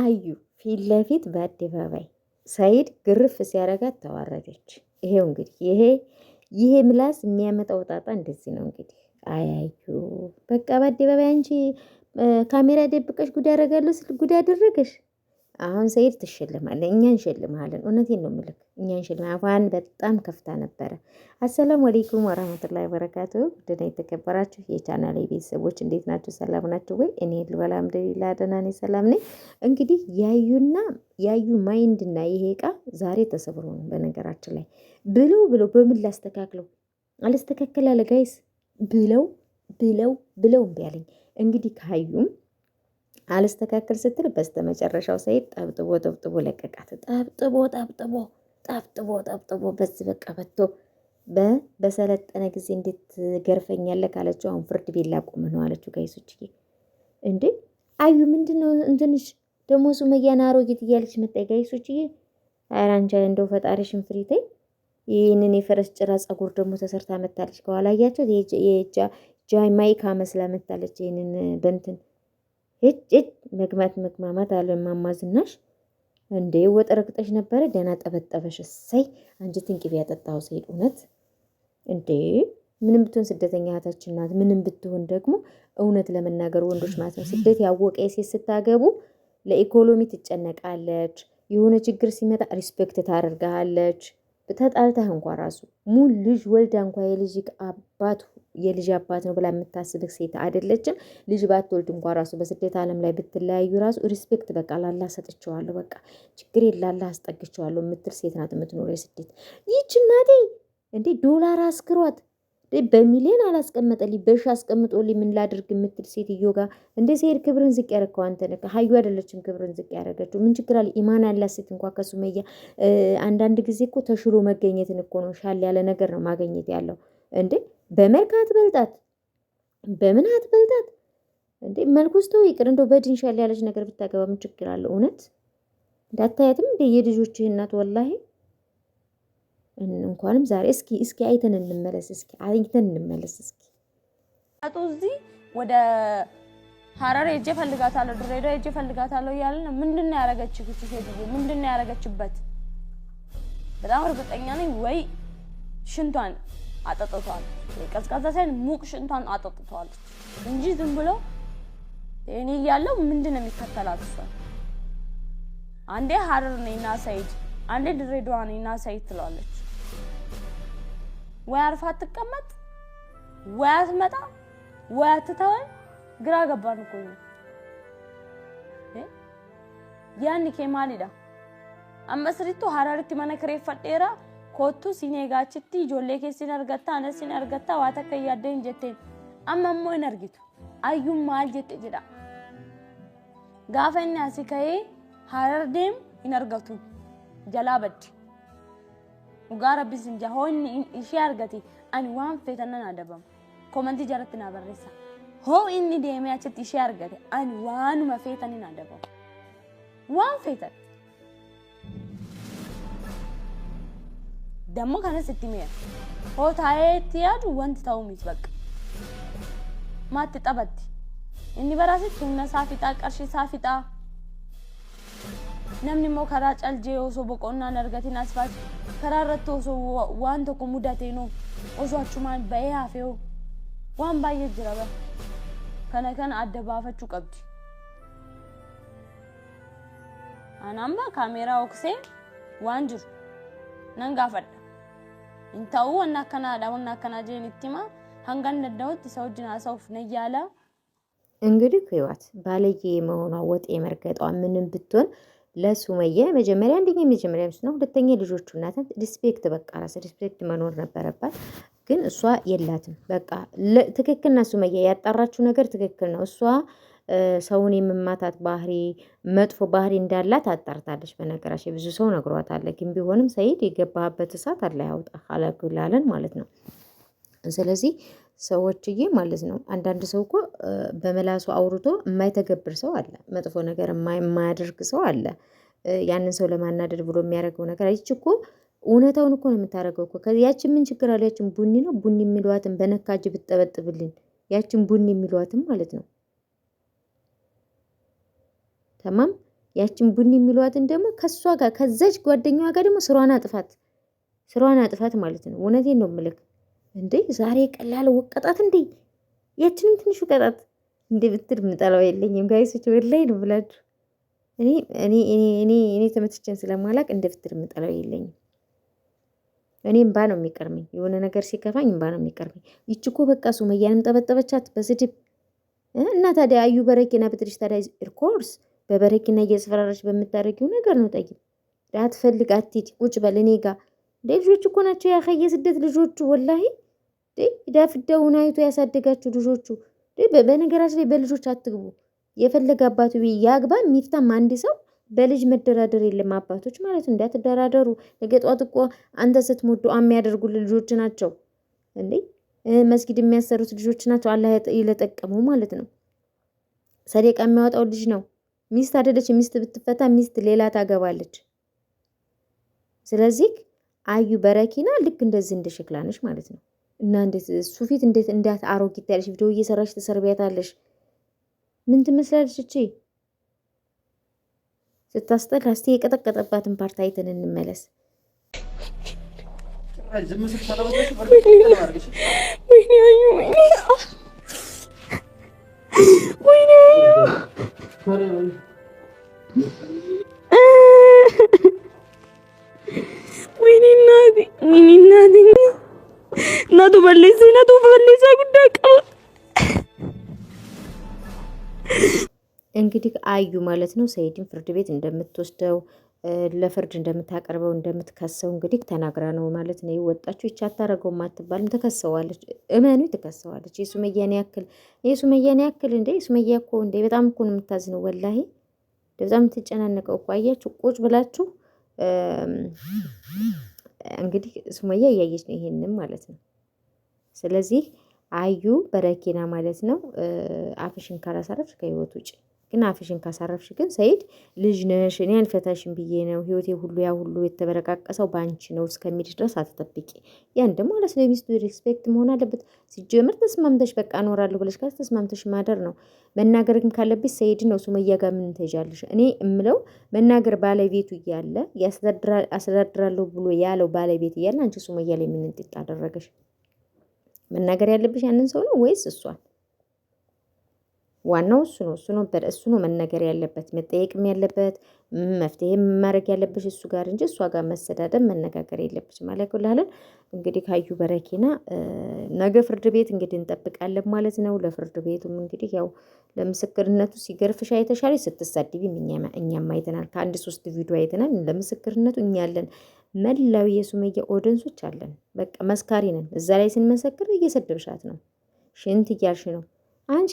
አዩ ፊት ለፊት በአደባባይ ሰይድ ግርፍ ሲያረጋት ተዋረደች። ይሄው እንግዲህ ይሄ ይሄ ምላስ የሚያመጣው ጣጣ እንደዚህ ነው እንግዲህ። አያዩ በቃ በአደባባይ አንቺ ካሜራ ደብቀሽ ጉድ አደረጋለሁ ስል ጉድ አደረገሽ። አሁን ሰይድ ትሸልማለህ፣ እኛ እንሸልምሃለን። እውነቴን ነው የምልህ፣ እኛ እንሸልም። አፏን በጣም ከፍታ ነበረ። አሰላሙ አለይኩም ወራህመቱላሂ ወበረካቱ። ደህና የተከበራችሁ የቻናል ቤተሰቦች እንዴት ናችሁ? ሰላም ናችሁ ወይ? እኔ ልበላ አልሐምዱሊላ ደህና ነኝ፣ ሰላም ነኝ። እንግዲህ ያዩና ያዩ ማይንድና ይሄ እቃ ዛሬ ተሰብሮ ነው በነገራችን ላይ ብለው ብለው በምን ላስተካክለው አልስተካከል አለ ጋይስ ብለው ብለው ብለው እምቢ አለኝ። እንግዲህ ካዩም አልስተካከል ስትል በስተመጨረሻው ሰይድ ጠብጥቦ ጠብጥቦ ለቀቃት። ጠብጥቦ ጠብጥቦ ጠብጥቦ ጠብጥቦ በዚህ በቃ በቶ በሰለጠነ ጊዜ እንዴት ገርፈኛለ ካለችው አሁን ፍርድ ቤት ላቆምህ ነው አለችው። ጋይሶች እንዴ አዩ ምንድን ነው እንትንሽ ደግሞ ሱመያን አሮጊት እያለች መጣይ። ጋይሶች አራንቻ እንደው ፈጣሪሽን ፍሪ ይህንን የፈረስ ጭራ ጸጉር ደግሞ ተሰርታ መታለች። ከኋላ እያቸው የጃማይካ መስላ መታለች። ይህንን በንትን እጅ እጅ መግማት መግማማት አለ እማማ ዝናሽ። እንዴ ወጠረቅጠሽ ነበረ ደህና ጠበጠበሽ። እሰይ አንጀትን ቅቤ ያጠጣው ሰይድ እውነት እንዴ ምንም ብትሆን ስደተኛ እህታችን ናት። ምንም ብትሆን ደግሞ እውነት ለመናገር ወንዶች ማለት ነው ስደት ያወቀ የሴት ስታገቡ ለኢኮኖሚ ትጨነቃለች። የሆነ ችግር ሲመጣ ሪስፔክት ታደርግሃለች። ተጣልተህ እንኳ ራሱ ሙን ልጅ ወልዳ እንኳ የልጅ አባት የልጅ አባት ነው ብላ የምታስብህ ሴት አይደለችም። ልጅ ባትወልድ እንኳ ራሱ በስደት ዓለም ላይ ብትለያዩ ራሱ ሪስፔክት በቃ ላላ ሰጥቼዋለሁ፣ በቃ ችግር የላላ አስጠግቸዋለሁ የምትል ሴት ናት የምትኖረ የስደት ይች እናቴ እንዴ ዶላር አስክሯት በሚሊዮን አላስቀመጠልኝ በሺ አስቀምጦልኝ ምን ላድርግ የምትል ሴትዮ ጋር እንደ ሲሄድ ክብርን ዝቅ ያደረግከው አንተ ነህ። ሀዩ አይደለችም ክብርን ዝቅ ያደረገችው። ምን ችግር አለ? ኢማን ያላት ሴት እንኳ ከሱመያ አንዳንድ ጊዜ እኮ ተሽሎ መገኘትን እኮ ነው ሻል ያለ ነገር ነው ማገኘት ያለው እንዴ በመልክ አትበልጣት፣ በምን አትበልጣት እንዴ! መልኩ ተው ይቅር፣ እንደው በድንሻል ያለች ነገር ብታገባ ምን ችግር አለው? እውነት እንዳታያትም እንደ የልጆች እናት ወላሂ። እንኳንም ዛሬ እስኪ እስኪ አይተን እንመለስ፣ እስኪ አይተን እንመለስ። እስኪ አቶ እዚህ ወደ ሀረር ሄጄ እፈልጋታለሁ፣ ድሬዳዋ ሄጄ እፈልጋታለሁ እያልን ምንድን ነው ያደረገች እቺ ሴትዮ? ምንድን ነው ያደረገችበት? በጣም እርግጠኛ ነኝ ወይ ሽንቷን አጠጥቷል። ቀዝቃዛ ሳይሆን ሙቅ ሽንቷን አጠጥቷል እንጂ ዝም ብሎ እኔ እያለው ምንድን ነው የሚከተላት? እሷ አንዴ ሀረር ነኝና ሳይድ፣ አንዴ ድሬዳዋ ነኝና ሳይድ ትለዋለች። ወይ አርፋ አትቀመጥ፣ ወይ አትመጣ፣ ወይ አትተወኝ። ግራ ገባን እኮ ያን ኬማሊዳ አመስሪቱ ሀረሪት መነክሬ ፈጤራ kottu siin eegaachitti ijoollee keessi hin argatta anas hin argatta waa takka yaadda hin jetteen amma ammoo hin argitu ayyuun maal jette jedha gaafa inni asii ka'ee harar deemu hin argatu jalaa baddi dhugaa rabbis hin inni ishee argate ani waan feetan nan adabama jaratti barreessa hoo inni deemee achitti ishee argate ani waanuma feetan hin adabamu waan feetan ደግሞ ከነስ ትሚያ ሆታዬ ትያድ ወንት ተው ሚት ማት ጠበት እኒ በራሴ ቱነ ሳፊጣ ቀርሽ ሳፊጣ ነምኒ ሞ ከራ ኦሶ በቆና ነርገቲን አስፋት ከራረት ኦሶ ዋን ተኮ ሙዳቴ ኦሶ አቹማን በኤ አፌው ባየ ጅረበ ከነከን አደባፈቹ ቀብድ አናምባ ካሜራ ኦክሴ ዋንጅር ነንጋፈድ እንታው እና ካናዳ እና wanna akkanaa jeen ittima hanga ndaddawotti ሰው እጅ ናሳውፍ ነው እንግዲህ ህይወት ባለጌ መሆኗ ወጤ መርገጧ ምንም ብትሆን ለሱመያ መጀመሪያ አንደኛ መጀመሪያ ምስ ነው፣ ሁለተኛ ልጆቹ እናትን ዲስፔክት በቃ ራስ ዲስፔክት መኖር ነበረባት፣ ግን እሷ የላትም። በቃ ትክክልና ሱመያ ያጣራችው ነገር ትክክል ነው እሷ ሰውን የመማታት ባህሪ መጥፎ ባህሪ እንዳላት አጣርታለች። በነገራችን ብዙ ሰው ነግሯታል። ግን ቢሆንም ሰይድ የገባህበት እሳት አለ ያውጣ አላግላለን ማለት ነው። ስለዚህ ሰዎችዬ ማለት ነው አንዳንድ ሰው እኮ በመላሱ አውርቶ የማይተገብር ሰው አለ፣ መጥፎ ነገር የማያደርግ ሰው አለ። ያንን ሰው ለማናደድ ብሎ የሚያደርገው ነገር ይች እኮ እውነታውን እኮ ነው የምታደርገው እኮ ያችን ምን ችግር አለ? ያችን ቡኒ ነው ቡኒ የሚሏትን በነካጅ ብትጠበጥብልን ያችን ቡኒ የሚሏትን ማለት ነው ተማም ያችን ቡኒ የሚሏትን ደግሞ ከእሷ ጋር ከዛች ጓደኛዋ ጋር ደግሞ ስሯን አጥፋት፣ ስሯን አጥፋት ማለት ነው። እውነቴን ነው ምልክ እንዴ ዛሬ ቀላል ወቀጣት እንዴ ያችንም ትንሽ ወቀጣት እንዴ ብትል ምጠላው የለኝም ጋይሶች ወላይ ነው ብላችሁ እኔ እኔ እኔ እኔ ተመትቼን ስለማላቅ እንደ ብትል ምጠላው የለኝም። እኔ እምባ ነው የሚቀርመኝ፣ የሆነ ነገር ሲከፋኝ እምባ ነው የሚቀርመኝ። ይች እኮ በቃ ሱመያንም ጠበጠበቻት በስድብ እና ታዲያ አዩ በረኬና ብትልሽ ታዲያ ርኮርስ በበረኪና እያስፈራራች በምታደርጊው ነገር ነው። ጠይብ አትፈልግ፣ አትሄድ፣ ቁጭ በል እኔ ጋ እንደ ልጆች እኮ ናቸው ያኸ የስደት ልጆቹ ወላሂ ዳፍዳውን አይቶ ያሳደጋቸው ልጆቹ። በነገራችን ላይ በልጆች አትግቡ። የፈለገ አባቱ ያግባ የሚፍታም አንድ ሰው በልጅ መደራደር የለም። አባቶች ማለት እንዳትደራደሩ። ነገ ጠዋት እኮ አንተ ስትሞዱ የሚያደርጉልህ ልጆች ናቸው እንዴ መስጊድ የሚያሰሩት ልጆች ናቸው። አላህ ይለጠቀሙ ማለት ነው። ሰደቃ የሚያወጣው ልጅ ነው። ሚስት አደለች። ሚስት ብትፈታ ሚስት ሌላ ታገባለች። ስለዚህ አዩ በረኪና ልክ እንደዚህ እንደ ሸክላ ነች ማለት ነው። እና እንዴት እሱ ፊት እንዴት እንዳት አሮጊት ያለሽ ቪዲዮ እየሰራሽ ትሰርቢያታለሽ። ምን ትመስላለች እቺ ስታስጠላ። እስቲ የቀጠቀጠባትን ፓርት አይተን እንመለስ። ወይኔ አዩ እንግዲህ አዩ ማለት ነው ሰኢድን ፍርድ ቤት እንደምትወስደው ለፍርድ እንደምታቀርበው እንደምትከሰው እንግዲህ ተናግራ ነው ማለት ነው የወጣችሁ። ይቻ አታረገውም አትባልም፣ ተከሰዋለች። እመኑ ትከሰዋለች የሱመያን ያክል የሱመያን ያክል እንደ የሱመያ እኮ እንደ በጣም እኮ ነው የምታዝነው። ወላሂ በጣም የምትጨናነቀው እኮ አያችሁ። ቁጭ ብላችሁ እንግዲህ ሱመያ እያየች ነው ይሄንም ማለት ነው። ስለዚህ አዩ በረኪና ማለት ነው። አፍሽን ካላሳረፍሽ ከህይወት ውጭ ግን አፍሽን ካሳረፍሽ ግን ሰይድ ልጅ ነሽ፣ እኔ አልፈታሽም ብዬ ነው ህይወቴ ሁሉ ያ ሁሉ የተበረቃቀሰው በአንቺ ነው እስከሚልሽ ድረስ አትጠብቂ። ያን ደግሞ አለ ስለሚስቱ ሪስፔክት መሆን አለበት። ሲጀምር ተስማምተሽ በቃ እኖራለሁ ብለሽ ካለ ተስማምተሽ ማደር ነው። መናገር ግን ካለብሽ ሰይድ ነው። ሱመያ ጋር ምን ትሄጃለሽ? እኔ እምለው መናገር ባለቤቱ እያለ አስተዳድራለሁ ብሎ ያለው ባለቤት እያለ አንቺ ሱመያ ላይ ምን እንጥጥ አደረገሽ? መናገር ያለብሽ ያንን ሰው ነው ወይስ እሷን? ዋናው እሱ ነው። እሱ ነው እሱ ነው መነገር ያለበት መጠየቅም ያለበት መፍትሄ ማድረግ ያለብሽ እሱ ጋር እንጂ እሷ ጋር መሰዳደብ መነጋገር የለብሽ ማለት ላለን እንግዲህ ካዩ በረኪና ነገ ፍርድ ቤት እንግዲህ እንጠብቃለን ማለት ነው። ለፍርድ ቤቱም እንግዲህ ያው ለምስክርነቱ ሲገርፍሽ አይተሻል፣ ስትሳድቢ እኛም አይተናል። ከአንድ ሶስት ቪዲዮ አይተናል። ለምስክርነቱ እኛ አለን። መላው የሱመያ ኦዲየንሶች አለን። በቃ መስካሪ ነን። እዛ ላይ ስንመሰክር እየሰደብሻት ነው፣ ሽንት እያልሽ ነው አንቺ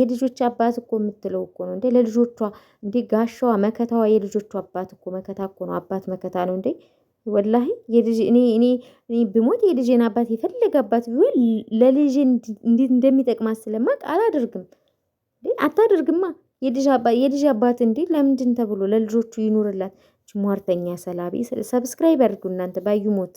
የልጆቿ አባት እኮ የምትለው እኮ ነው እንዴ? ለልጆቿ እንዴ ጋሻዋ መከታዋ የልጆቿ አባት እኮ መከታ እኮ ነው። አባት መከታ ነው እንዴ? ወላሂ እኔ እኔ ብሞት የልጄን አባት የፈለገ አባት ቢሆን ለልጄ እንዴት እንደሚጠቅማት ስለማቅ አላደርግም። አታደርግማ የልጅ አባት እንዴ ለምንድን ተብሎ ለልጆቹ ይኑርላት። ሟርተኛ ሰላቢ ሰብስክራይብ አድርጉ እናንተ ባዩሞት